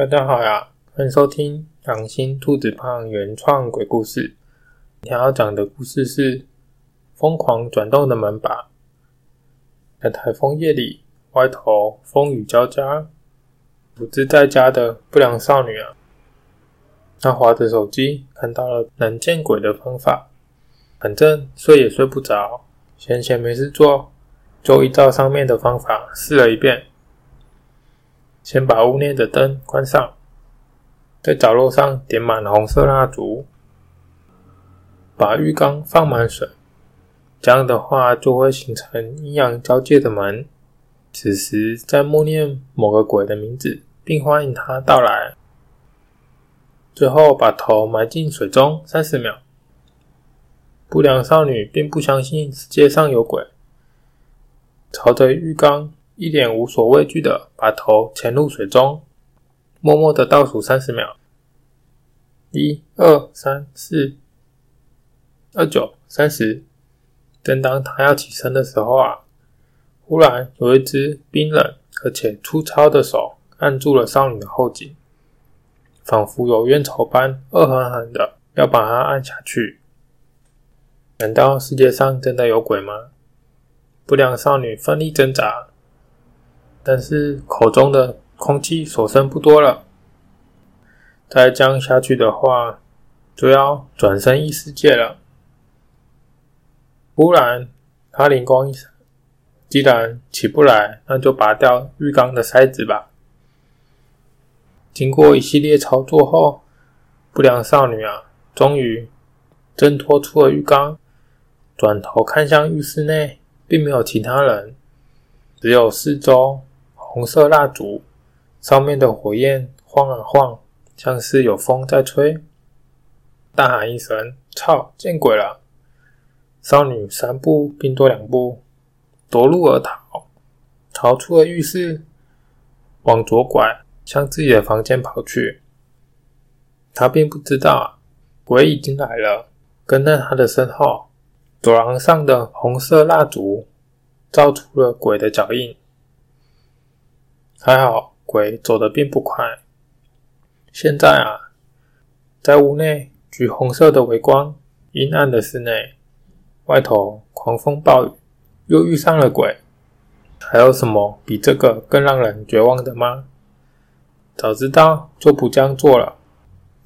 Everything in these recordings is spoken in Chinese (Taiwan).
大家好呀，歡迎收聽楊心兔子胖原創鬼故事。今天要講的故事是《瘋狂轉動的門把》。在台風夜裡，外頭風雨交加，獨自在家的不良少女啊，她滑着手機，看到了能見鬼的方法。反正睡也睡不着，閒閒沒事做，就依照上面的方法試了一遍。先把屋內的燈關上，在角落上點滿紅色蠟燭，把浴缸放滿水，這樣的話就會形成陰陽交界的門。此時再默念某個鬼的名字，並歡迎他到來，最後把頭埋進水中三十秒。不良少女並不相信世界上有鬼，朝着浴缸，一臉無所畏懼的把頭潛入水中，默默的倒數三十秒，一二三四二九三十。正當她要起身的時候啊，忽然有一只冰冷而且粗糙的手按住了少女的後頸，仿佛有冤仇般惡狠狠的要把她按下去。難道世界上真的有鬼嗎？不良少女奮力掙扎。但是口中的空氣所剩不多了，再這樣下去的話，就要轉身異世界了。忽然，他靈光一閃，既然起不來，那就拔掉浴缸的塞子吧。經過一系列操作後，不良少女啊，終於掙脫出了浴缸，轉頭看向浴室內，並沒有其他人，只有四周，紅色蠟燭上面的火焰晃啊晃，像是有風在吹。大喊一聲：“操！見鬼了！”少女三步併多兩步奪路而逃，逃出了浴室，往左拐，向自己的房間跑去。她並不知道鬼已經來了，跟在她的身後。走廊上的紅色蠟燭照出了鬼的腳印。還好，鬼走得並不快。現在啊，在屋內，橘紅色的微光，陰暗的室內，外頭狂風暴雨，又遇上了鬼，還有什麼比這個更讓人絕望的嗎？早知道就不這樣做了，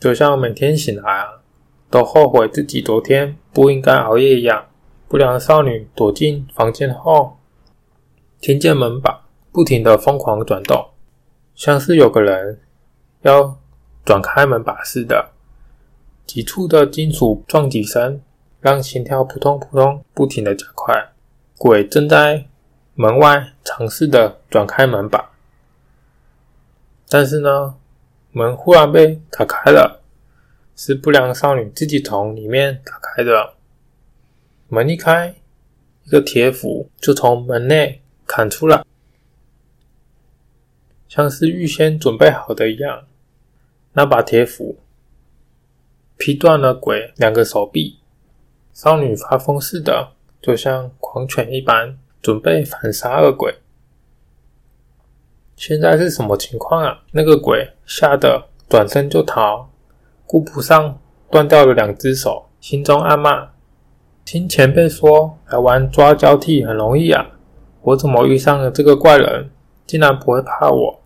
就像每天醒來啊，都後悔自己昨天不應該熬夜一樣。不良少女躲進房間後，聽見門把。不停的瘋狂轉動，像是有個人要轉開門把似的。急促的金屬撞擊聲讓心跳撲通撲通不停的加快。鬼正在門外嘗試的轉開門把，但是呢，門忽然被打開了，是不良少女自己從裡面打開的。門一開，一個鐵斧就從門內砍出來。像是預先準備好的一樣，那把鐵斧劈斷了鬼兩個手臂，少女發瘋似的，就像狂犬一般，準備反殺惡鬼。現在是什麼情況啊？那個鬼嚇得轉身就逃，顧不上斷掉了兩隻手，心中暗罵：聽前輩說，來玩抓交替很容易啊，我怎麼遇上了這個怪人，竟然不會怕我？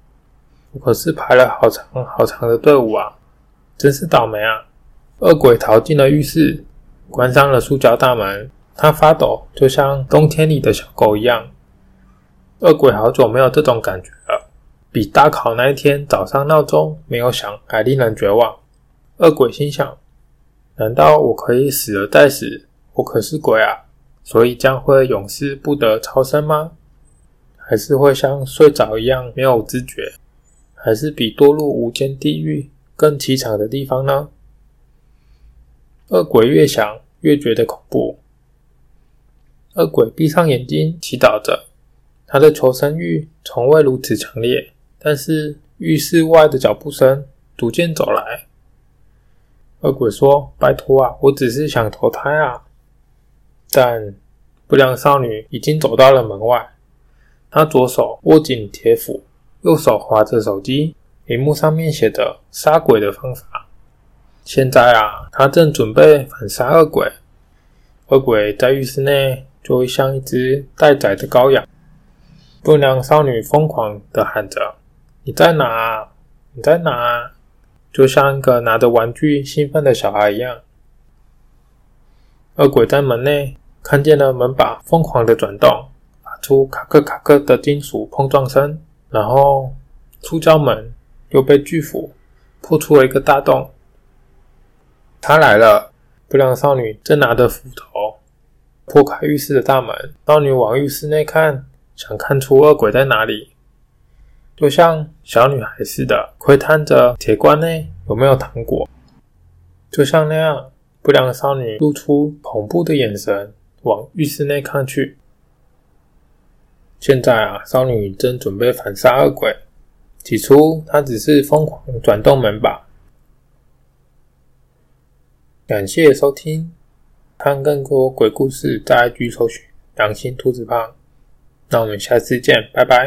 我可是排了好長好長的隊伍啊！真是倒霉啊！惡鬼逃進了浴室，關上了塑膠大門。他發抖，就像冬天裡的小狗一樣。惡鬼好久沒有這種感覺了，比大考那一天早上鬧鐘沒有響還令人絕望。惡鬼心想：難道我可以死了再死？我可是鬼啊，所以將會永世不得超生嗎？還是會像睡着一樣沒有知覺？還是比墮入無間地獄更淒慘的地方呢？惡鬼越想越覺得恐怖。惡鬼閉上眼睛祈禱着，他的求生欲從未如此強烈。但是浴室外的腳步聲逐漸走來。惡鬼說：“拜托啊，我只是想投胎啊！”但不良少女已經走到了門外，她左手握緊鐵斧。右手滑着手機，屏幕上面寫着“殺鬼”的方法。現在啊，他正準備反殺惡鬼。惡鬼在浴室內，就會像一隻待宰的羔羊。不良少女瘋狂地喊着：“你在哪啊？你在哪啊？”就像一個拿着玩具興奮的小孩一樣。惡鬼在門內看見了門把瘋狂地轉動，發出卡克卡克的金屬碰撞聲。然後，出家門又被巨斧破出了一個大洞。他來了，不良少女正拿着斧頭破開浴室的大門。少女往浴室內看，想看出惡鬼在哪裡，就像小女孩似的窺探着鐵罐內有沒有糖果。就像那樣，不良少女露出恐怖的眼神，往浴室內看去。現在啊，少女正準備反殺惡鬼。起初，她只是瘋狂轉動門把。感謝收聽，看更多鬼故事，在 IG 搜尋良心兔子胖。那我們下次見，拜拜。